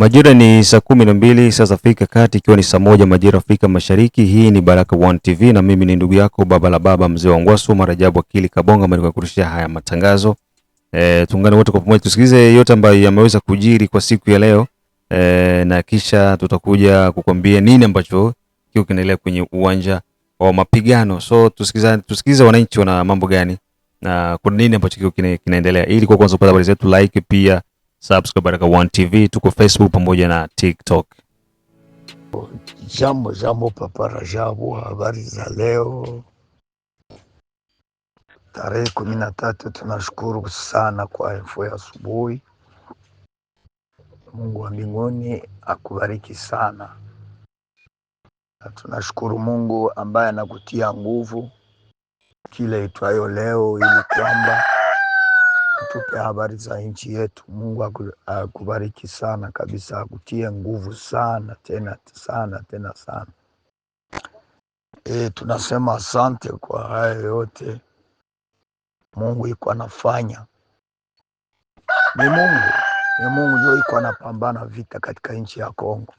Majira ni saa kumi na mbili saa za Afrika Kati, ikiwa ni saa moja majira Afrika Mashariki. Hii ni Baraka One TV na mimi ni ndugu yako baba la baba mzee wa Ngwasu Marajabu Akili Kabonga kurushia haya matangazo e, tuungane wote kwa pamoja tusikilize yote ambayo yameweza kujiri kwa siku ya leo e, na kisha tutakuja kukwambia nini ambacho kio kinaendelea kwenye uwanja wa mapigano. So tusikilize, tusikilize wananchi wana mambo gani na kuna nini ambacho kio kinaendelea, ili kwa kwanza kupata habari zetu like pia subscribe Baraka One TV, tuko Facebook pamoja na TikTok. Jambo jambo, Papa Rajabu, habari za leo tarehe kumi na tatu. Tunashukuru sana kwa info ya asubuhi. Mungu wa mbinguni akubariki sana, na tunashukuru Mungu ambaye anakutia nguvu kile itwayo leo, ili kwamba atupe habari za nchi yetu. Mungu akubariki sana kabisa, akutie nguvu sana tena sana tena sana. E, tunasema asante kwa haya yote Mungu iko anafanya. Ni Mungu, ni Mungu ndio iko anapambana vita katika nchi ya Kongo.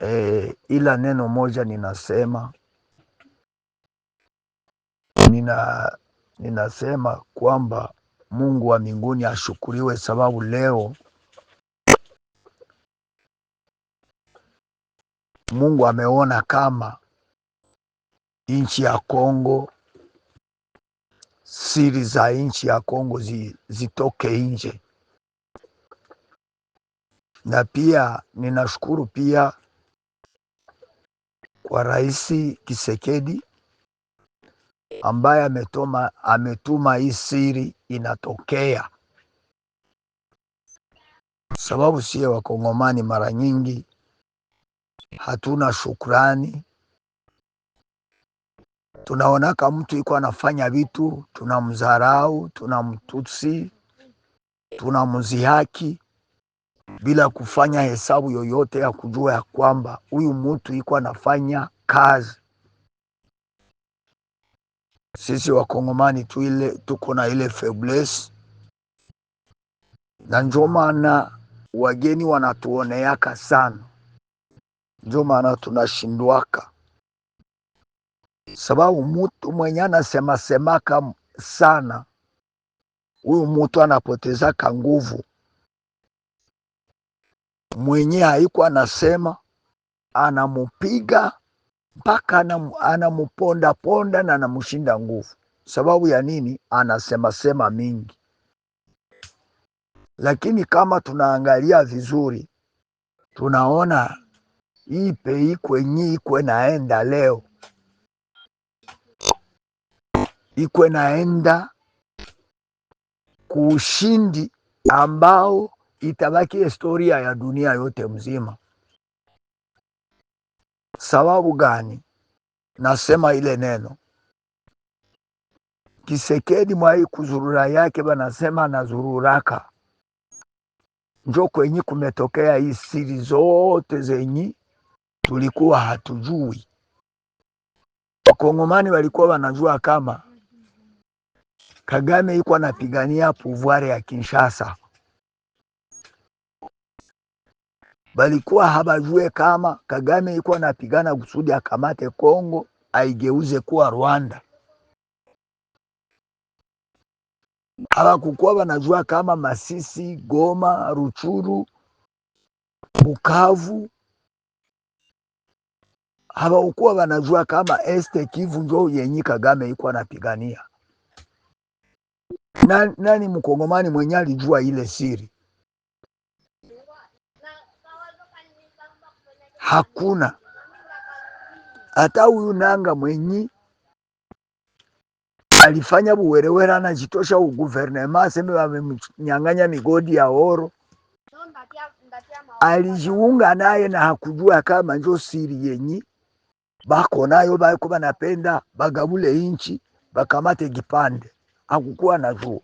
E, ila neno moja ninasema nina ninasema kwamba Mungu wa mbinguni ashukuriwe, sababu leo Mungu ameona kama nchi ya Kongo, siri za nchi ya Kongo zi, zitoke nje, na pia ninashukuru pia kwa Rais Kisekedi ambaye ametuma, ametuma hii siri inatokea, sababu siye Wakongomani mara nyingi hatuna shukrani, tunaonaka mtu iko anafanya vitu, tunamdharau, tunamtusi, tunamzihaki bila kufanya hesabu yoyote ya kujua ya kwamba huyu mtu iko anafanya kazi sisi wakongomani tu ile tuko na ile faiblesse, na njo maana wageni wanatuoneaka sana, njo maana tunashindwaka, sababu mutu mwenye anasemasemaka sana, huyu mutu anapotezaka nguvu mwenye haiko anasema, anamupiga mpaka anamupondaponda na anamshinda nguvu. Sababu ya nini? Anasemasema mingi. Lakini kama tunaangalia vizuri, tunaona hii pei kwenye ikwe naenda leo, ikwe naenda kuushindi ambao itabaki historia ya dunia yote mzima. Sababu gani nasema ile neno? Kisekedi mwai kuzurura yake banasema nazururaka njo kwenyi kumetokea hii siri zote zenyi tulikuwa hatujui. Wakongomani walikuwa wanajua kama Kagame iko anapigania puvware ya Kinshasa balikuwa habajue kama Kagame ilikuwa anapigana kusudi akamate Kongo aigeuze kuwa Rwanda. Hawakukuwa wanajua kama Masisi, Goma, Ruchuru, Bukavu hawakuwa wanajua kama Este Kivu njo yenyi Kagame ilikuwa anapigania. Nani, nani mkongomani mwenye alijua ile siri? hakuna hata huyu nanga mwenyi alifanya buwerewera na jitosha uguvernema aseme wamemnyang'anya migodi ya oro, alijiunga naye na hakujua kama njo siri yenyi bako nayo bako banapenda bagabule inchi bakamate gipande, Hakukuwa na juo,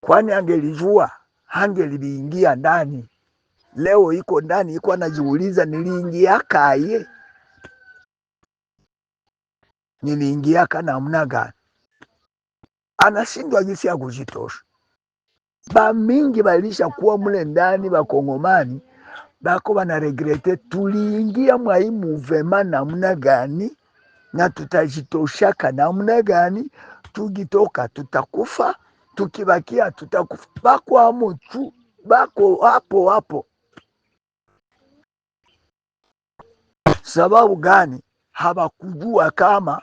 kwani angelijua hangelibiingia ndani leo iko ndani, iko anajiuliza niliingia kaye, niliingia kana namna gani? Anashindwa jinsi ya kujitosha. Ba mingi balisha kuwa mule ndani, bakongomani bako banaregrete, tuliingia mwaimu vema namna gani na tutajitoshaka namna gani? Tugitoka tutakufa, tukibakia tutakufa. Bako tu, bako hapo hapo sababu gani hawakujua kama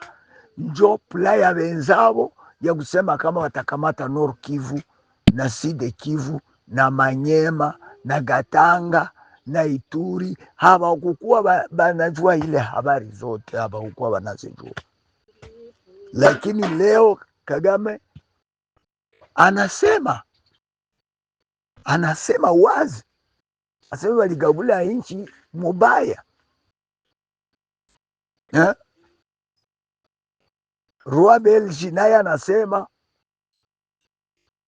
njo playa wenzao ya kusema kama watakamata Nord Kivu na Sud Kivu na Manyema na Gatanga na Ituri. Hawakukuwa banajua ile habari zote, hawakukuwa wanazijua, lakini leo Kagame anasema anasema wazi, asema waligabula nchi mubaya eh? Roi naye anasema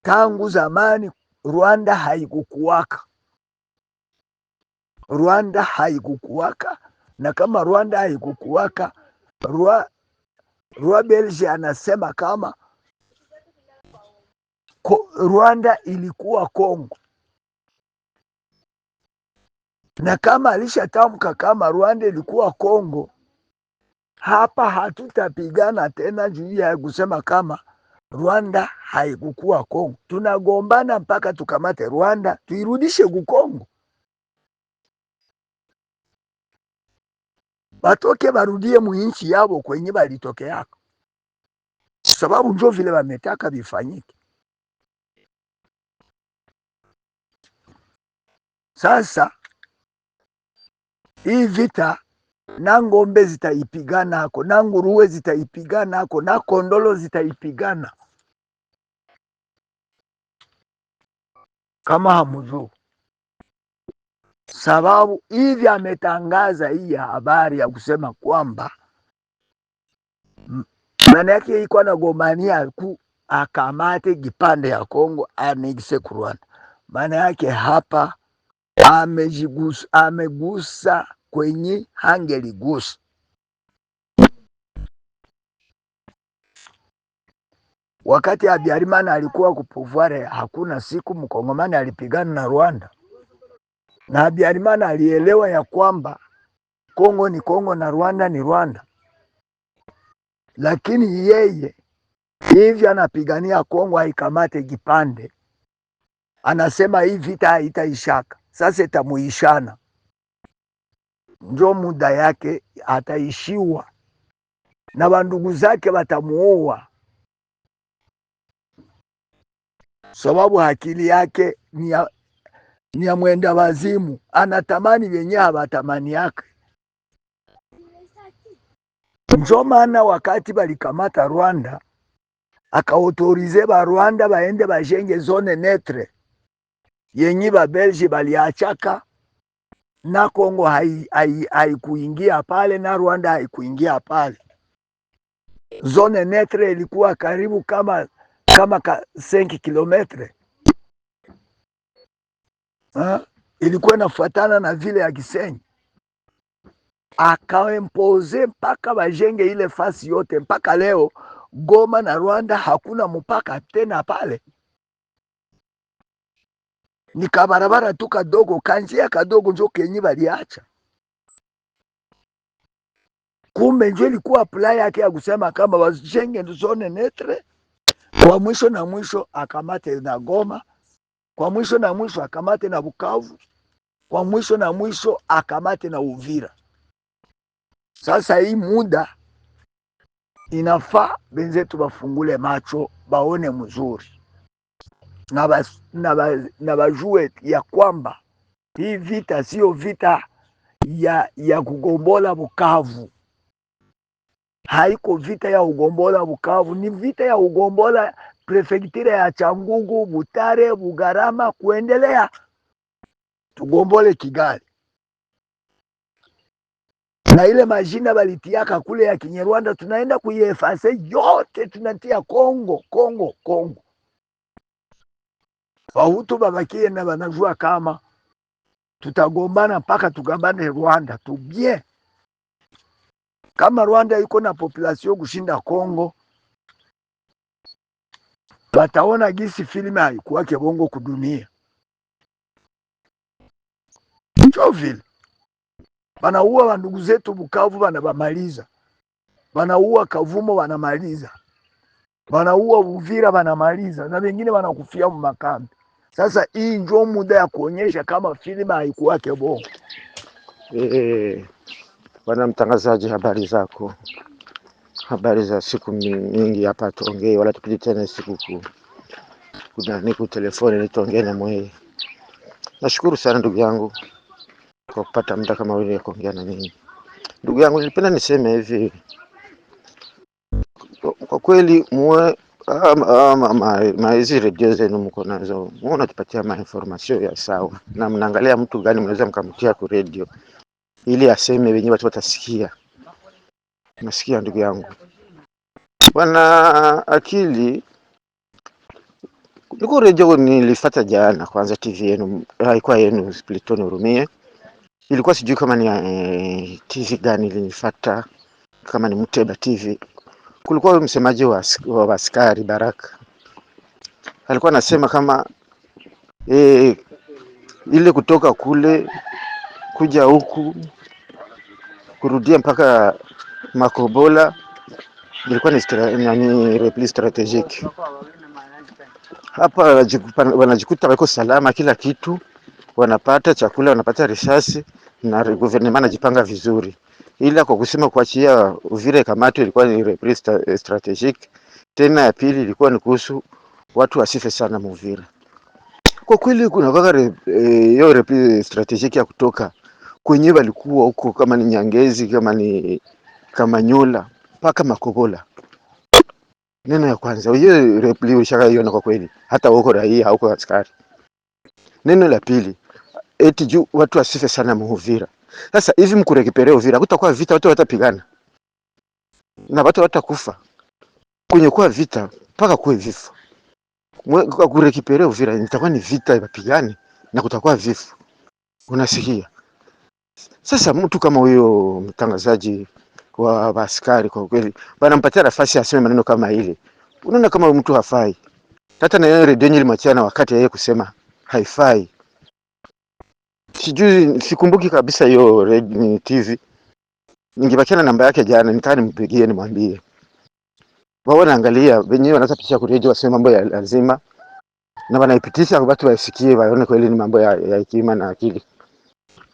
tangu zamani Rwanda haikukuwaka, Rwanda haikukuwaka. Na kama Rwanda haikukuwaka, rwa Roi anasema kama Ko, Rwanda ilikuwa Kongo na kama alishatamka kama Rwanda ilikuwa Kongo, hapa hatutapigana tena juu ya kusema kama Rwanda haikukua Kongo. Tunagombana mpaka tukamate Rwanda tuirudishe ku Kongo, batoke barudie muinchi yabo kwenye yako, sababu njo vile wametaka vifanyike. Sasa hii vita na ng'ombe zitaipigana hako na nguruwe zitaipigana hako na kondolo zitaipigana kama hamuzuu sababu hivi ametangaza hii habari ya kusema kwamba maana yake ilikuwa nagombania ku akamate kipande ya Kongo anigise ku Rwanda. Maana yake hapa amejigusa amegusa kwenye hangeligusa. Wakati Habyarimana alikuwa kupuvware, hakuna siku mkongomani alipigana na Rwanda, na Habyarimana alielewa ya kwamba Kongo ni Kongo na Rwanda ni Rwanda, lakini yeye hivi anapigania Kongo haikamate kipande, anasema hii vita haitaishaka, sasa itamuishana njo muda yake ataishiwa na bandugu zake batamuoa, sababu akili yake ni ya, ni ya mwenda wazimu, anatamani vyenye habatamani yake. Njo maana wakati balikamata Rwanda akaotorize ba Rwanda baende bajenge zone netre yenye babelge baliachaka na Kongo haikuingia hai, hai pale na Rwanda haikuingia pale. Zone netre ilikuwa karibu kama kama ka 5 kilometre ha? Ilikuwa inafuatana na vile ya Kisenyi, akaempoze mpaka wajenge ile fasi yote. Mpaka leo Goma na Rwanda hakuna mpaka tena pale ni kabarabara tu kadogo kanjia kadogo njo kenyi baliacha. Kumbe njo ilikuwa playa yake ya kusema kama wajenge zone netre, kwa mwisho na mwisho akamate na Goma, kwa mwisho na mwisho akamate na Bukavu, kwa mwisho na mwisho akamate na Uvira. Sasa hii muda inafaa benzetu bafungule macho baone mzuri na bajue ya kwamba hii vita siyo vita ya, ya kugombola Bukavu, haiko vita ya ugombola Bukavu, ni vita ya ugombola prefektura ya Changugu, Butare, Bugarama kuendelea tugombole Kigali na ile majina balitiaka kule ya Kinyarwanda tunaenda kuiefase e yote, tunatia Kongo Kongo Kongo. Wahutu babakie na banajua kama tutagombana mpaka tugambane Rwanda tubie. Kama Rwanda iko na population kushinda Kongo, bataona gisi filime haikuwake bongo kudunia cho banaua banauwa bandugu zetu Bukavu banabamaliza, banaua Kavumo banamaliza, banaua Uvira banamaliza, na bengine banakufia mumakambi. Sasa hii njo muda ya kuonyesha kama filima haikuwake bo. Eh, bwana mtangazaji, habari zako? Habari za siku mingi, hapa tuongee wala tupite tena siku kuu kuna niku telefoni nitongee na mwee Nashukuru sana ndugu yangu kwa kupata muda kama wewe ya kuongea na mimi. Ndugu yangu, nilipenda niseme hivi kwa kweli muwe Ah, maezi ah, redio zenu mko nazo, unatupatia mainformation ya sawa, na mnaangalia mtu gani mnaweza mkamtia ku redio ili aseme, wenyewe watu watasikia. Nasikia ndugu yangu, wana akili niko redio nilifata jana. Kwanza TV yenu haikuwa ah, yenu, Splitoni Urumie ilikuwa, sijui kama ni eh, TV gani ilinifuata, kama ni Muteba TV Kulikuwa msemaji wa askari Baraka alikuwa anasema kama e, eh, ile kutoka kule kuja huku kurudia mpaka Makobola ilikuwa ni repli strategic Hapa wanajikuta wako salama, kila kitu wanapata chakula, wanapata risasi na gouvernement anajipanga vizuri ila kwa kusema kuachia vile kamati ilikuwa ni reprise eh, strategic. Tena ya pili ilikuwa ni kuhusu watu wasife sana Muvira. Kwa kweli kuna kwa eh, hiyo e, reprise eh, strategic ya kutoka kwenye walikuwa huko kama ni Nyangezi kama ni Kamanyola mpaka Makobola. Neno ya kwanza hiyo repli ushaka hiyo, kwa kweli hata huko raia huko askari. Neno la pili eti juu watu wasife sana Muvira. Sasa hivi mkurekipereo vile hakutakuwa vita, watu watapigana na watu watakufa kwenye kuwa vita mpaka kuwe vifo. Kurekipereo vile nitakuwa ni vita, wapigane na kutakuwa vifo. Unasikia? Sasa mtu kama huyo mtangazaji wa askari kwa kweli wanampatia nafasi aseme maneno kama ile. Unaona kama mtu hafai. Hata na yeye redio machana wakati yeye kusema haifai sijui, sikumbuki kabisa hiyo Redmi TV. Ningebakia na namba yake jana, nitaka nimpigie nimwambie. Wao naangalia wenyewe, wanachapisha kwa redio, wasema mambo ya lazima na wanaipitisha kwa watu waisikie, waone kweli ni mambo ya hekima na akili.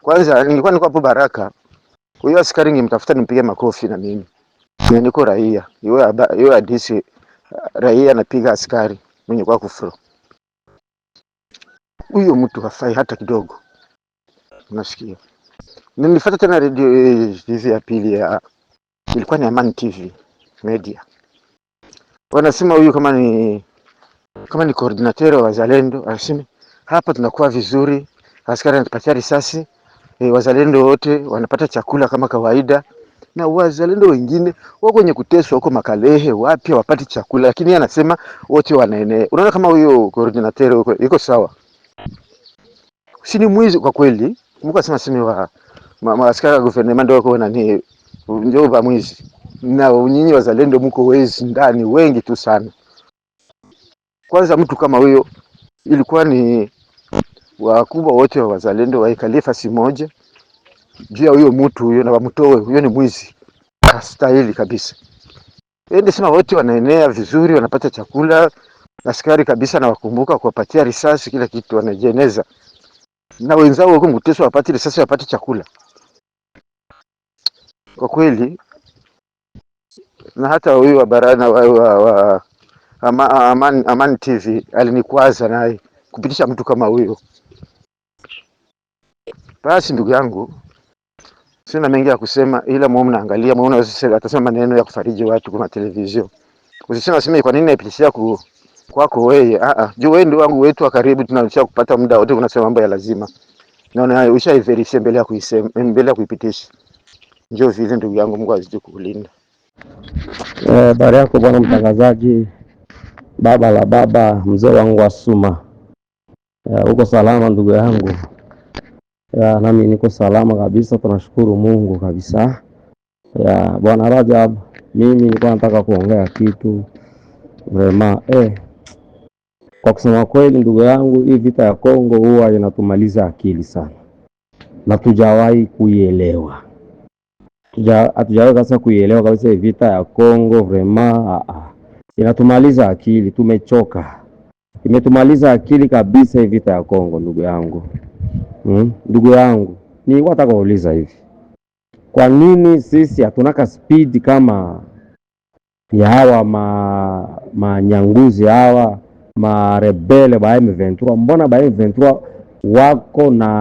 Kwanza nilikuwa niko hapo Baraka, huyo askari ningemtafuta nimpige makofi na mimi na niko raia, hiyo hadisi raia anapiga askari mwenye kwa kufuru. Huyo mtu hafai hata kidogo. Nasikia nilifuata tena radio eh, hizi ya pili ya ilikuwa ni Amani TV Media, wanasema huyu kama ni kama ni coordinator wa wazalendo, anasema hapa tunakuwa vizuri, askari anatupatia risasi e, wazalendo wote wanapata chakula kama kawaida, na wazalendo wengine wako kwenye kuteswa huko Makalehe, wapya wapati chakula, lakini anasema wote wanaenea. Unaona kama huyo coordinator yuko sawa, si ni mwizi kwa kweli kumbuka sema sini wa maaskari ma, gouvernement ndio kwa nani ndio ba mwizi na nyinyi wazalendo mko wezi ndani wengi tu sana. Kwanza mtu kama huyo ilikuwa ni wakubwa wote wa wazalendo waikalie fasi moja juu ya huyo mtu huyo, na wamtoe huyo, ni mwizi astahili kabisa. Ende sema wote wanaenea vizuri, wanapata chakula askari kabisa, na wakumbuka kuwapatia risasi, kila kitu wanajeneza na wenzao wako mteswa, wapati risasi, wapati chakula. Kwa kweli na hata huyu wa barana wa, wa, wa ama, Amani, Amani TV alinikwaza naye kupitisha mtu kama huyo. Basi ndugu yangu, sina mengi ya kusema, ila mwe mnaangalia, mwe atasema maneno ya kufariji watu kwa televizio Usisema sema kwa nini naipitishia ku kwako wewe. Ah, ah, juu wewe ndio wangu wetu wa karibu, tunalisha kupata muda wote, unasema mambo ya lazima, naona ushaiverify mbele ya kuisema, mbele ya kuipitisha. Njoo vile ndugu yangu, Mungu azidi kukulinda. Eh, bari yako bwana mtangazaji, baba la baba, mzee wangu Asuma, eh, uko salama ndugu yangu? Ya, nami niko salama kabisa, tunashukuru Mungu kabisa. Ya, bwana Rajab, mimi nilikuwa nataka kuongea kitu vrema eh. Kwa kusema kweli, ndugu yangu, hii vita ya Kongo huwa inatumaliza akili sana, na tujawahi kuielewa, hatujawahi kabisa kuielewa kabisa. Hii vita ya Kongo vrema ah, ah. inatumaliza akili, tumechoka, imetumaliza akili kabisa hii vita ya Kongo, ndugu yangu hmm? Ndugu yangu, ni nataka kuuliza hivi, kwa nini sisi hatunaka speed kama ya hawa manyanguzi ma hawa marebele ba M23. Mbona ba M23 wako na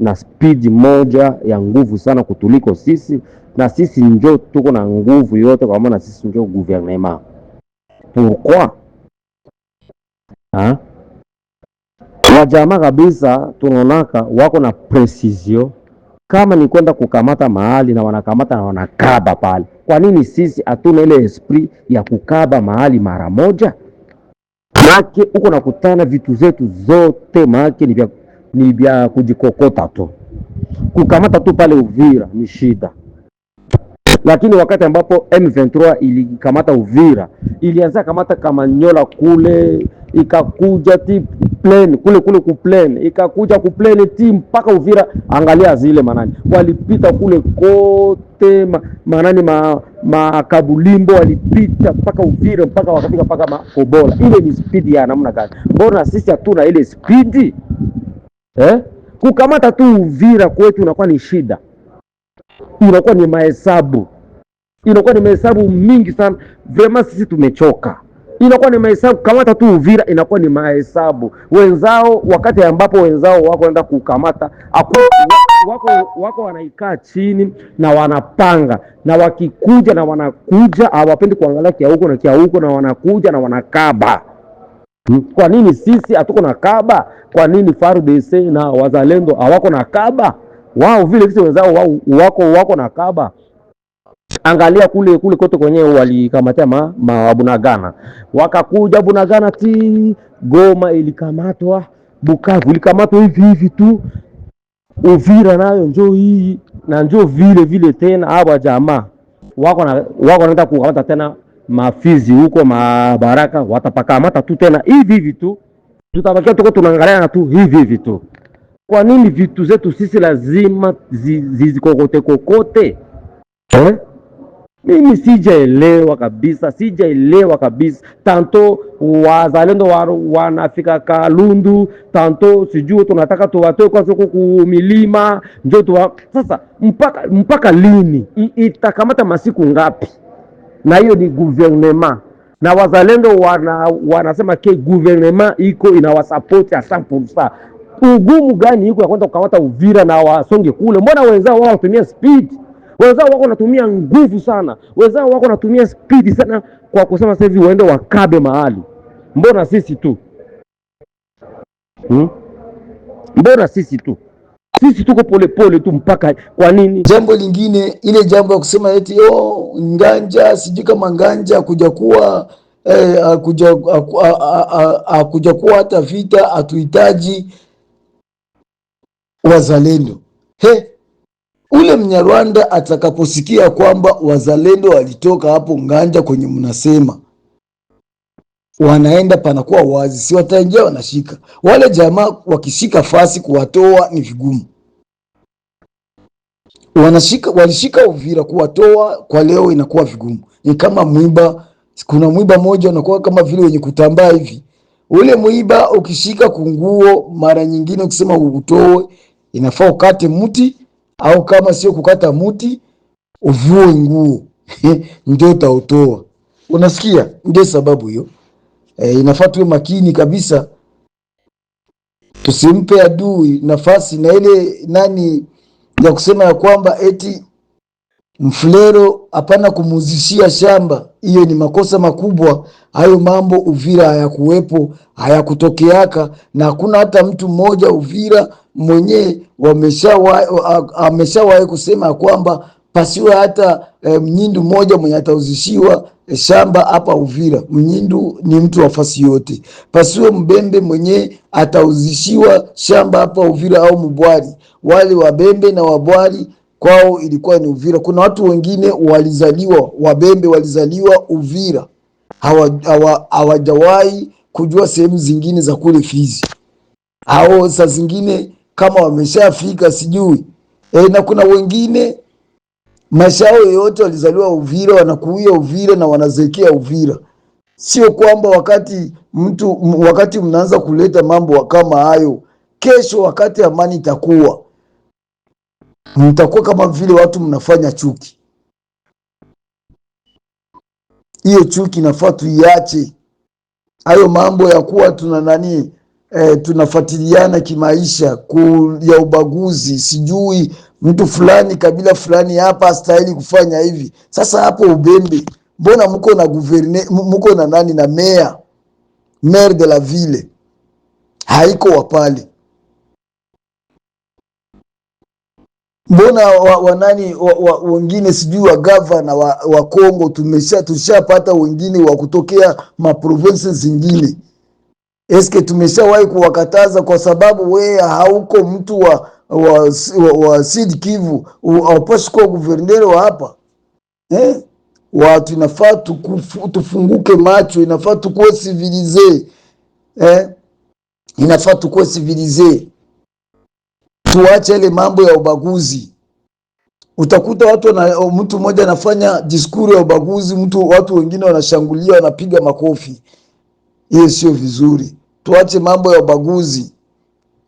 na spidi moja ya nguvu sana kutuliko sisi, na sisi njo tuko na nguvu yote, kwa maana sisi njo guvernema. Pourquoi wajamaa kabisa tunaonaka wako na precision kama ni kwenda kukamata mahali na wanakamata na wanakaba pale. Kwa nini sisi hatuna ile esprit ya kukaba mahali mara moja? maake huko nakutana vitu zetu zote make ni vya, ni vya kujikokota tu, kukamata tu pale Uvira ni shida, lakini wakati ambapo M23 ilikamata Uvira ilianza kamata Kamanyola kule ikakuja tip complain kule kule kuplain, ikakuja kuplain team mpaka Uvira. Angalia zile manani walipita kule kote ma, manani ma, makabulimbo walipita mpaka Uvira mpaka wakafika mpaka Makobola. Ile ni spidi ya namna gani? Mbona sisi hatuna ile spidi eh? Kukamata tu Uvira kwetu unakuwa ni shida, unakuwa ni mahesabu, inakuwa ni mahesabu mingi sana. Vrema sisi tumechoka inakuwa ni mahesabu. Kamata tu Uvira inakuwa ni mahesabu wenzao, wakati ambapo wenzao wako wanaenda kukamata aku, wako, wako wanaikaa chini na wanapanga, na wakikuja na wanakuja, hawapendi kuangalia kia huko na kia huko, na wanakuja na wanakaba. Hmm, kwa nini sisi hatuko na kaba? Kwa nini FARDC na wazalendo hawako na kaba? Wao vile visi wenzao wao wako wako na kaba Angalia kule kule kote kwenye walikamatia ma, ma Bunagana, wakakuja Bunagana ti Goma ilikamatwa, Bukavu ilikamatwa hivi hivi tu, Uvira nayo njo hii na njo vile vile tena. Hawa jamaa wako na wako naenda kukamata tena mafizi huko mabaraka, watapakamata tu tena hivi hivi tu, tutabakia tuko tunaangalia tu hivi hivi tu. Kwa nini vitu zetu sisi lazima zizikokote kokote eh? Mimi sijaelewa kabisa, sijaelewa kabisa. Tanto wazalendo wanafika Kalundu, tanto sijui tunataka tuwatoe kwanza huko milima njo tuwa... Sasa mpaka, mpaka lini? Itakamata masiku ngapi? Na hiyo ni guvernema na wazalendo wana, wanasema ke guvernema iko inawasapoti a 100%. Ugumu gani iko ya kwenda kukamata Uvira na wasonge kule? Mbona wenzao wao watumia speed Wenzao wako wanatumia nguvu sana, wenzao wako wanatumia spidi sana kwa kusema sasa hivi waende wakabe mahali. Mbona sisi tu hmm? Mbona sisi tu sisi tuko polepole tu mpaka kwa nini? Jambo lingine ile jambo ya kusema eti oh, nganja sijui kama nganja kuja kuwa eh, akuja, kuwa hata vita atuhitaji wazalendo he ule Mnyarwanda atakaposikia kwamba wazalendo walitoka hapo nganja kwenye mnasema wanaenda panakuwa wazi, si wataingia wanashika wale jamaa. Wakishika fasi kuwatoa ni vigumu. Wanashika, walishika Uvira, kuwatoa kwa leo inakuwa vigumu. Ni kama mwiba, kuna mwiba moja unakuwa kama vile wenye kutambaa hivi. Ule mwiba ukishika kunguo, mara nyingine ukisema utoe, inafaa ukate mti au kama sio kukata muti uvue nguo ndio utaotoa. Unasikia, ndio sababu hiyo e, inafaa tuwe makini kabisa, tusimpe adui nafasi na ile nani ya kusema ya kwamba eti mflero hapana kumuzishia shamba, hiyo ni makosa makubwa. Hayo mambo Uvira hayakuwepo, hayakutokeaka, na hakuna hata mtu mmoja Uvira mwenyewe ameshawahi kusema kwamba pasiwe hata e, mnyindu mmoja mwenye atauzishiwa e, shamba hapa Uvira. Mnyindu ni mtu wa fasi yote, pasiwe mbembe mwenye atauzishiwa shamba hapa Uvira au mbwari. Wale wabembe na wabwari kwao ilikuwa ni Uvira. Kuna watu wengine walizaliwa Wabembe, walizaliwa Uvira, hawajawahi kujua sehemu zingine za kule Fizi, au saa zingine kama wameshafika sijui e. Na kuna wengine maisha yao yote walizaliwa Uvira, wanakuia Uvira na wanazekea Uvira. Sio kwamba wakati mtu wakati mnaanza kuleta mambo kama hayo, kesho wakati amani itakuwa mtakuwa kama vile watu mnafanya chuki. Hiyo chuki nafaa tuiache. Hayo mambo ya kuwa tuna nani e, tunafuatiliana kimaisha ku, ya ubaguzi, sijui mtu fulani kabila fulani hapa astahili kufanya hivi. Sasa hapo Ubembe, mbona mko na guverne, mko na nani na mea mer de la ville haiko wapale Mbona wa, wa wa, wengine sijui wa gavana wa, wa Kongo tumesha tushapata wengine wa kutokea maprovinsi zingine. Eske tumeshawahi kuwakataza kwa sababu we hauko mtu wa wa, wa, wa Sud Kivu aupashi kuwa guverneri wa hapa eh? Watu inafaa tufunguke macho, inafaa tukuwe sivilize eh? Inafaa tukuwe sivilize tuache ile mambo ya ubaguzi. Utakuta watu na mtu mmoja anafanya diskuru ya ubaguzi, mtu watu wengine wanashangulia, wanapiga makofi. Hiyo sio vizuri, tuache mambo ya ubaguzi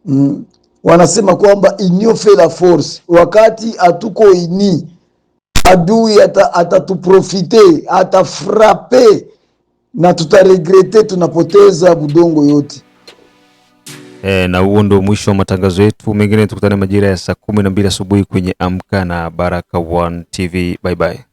mm. Wanasema kwamba inyo fela force, wakati hatuko ini, adui atatuprofite ata atafrape na tutaregrete, tunapoteza budongo yote. E, na huo ndio mwisho wa matangazo yetu, mengine tukutane majira ya saa kumi na mbili asubuhi kwenye Amka na Baraka One TV. Bye bye.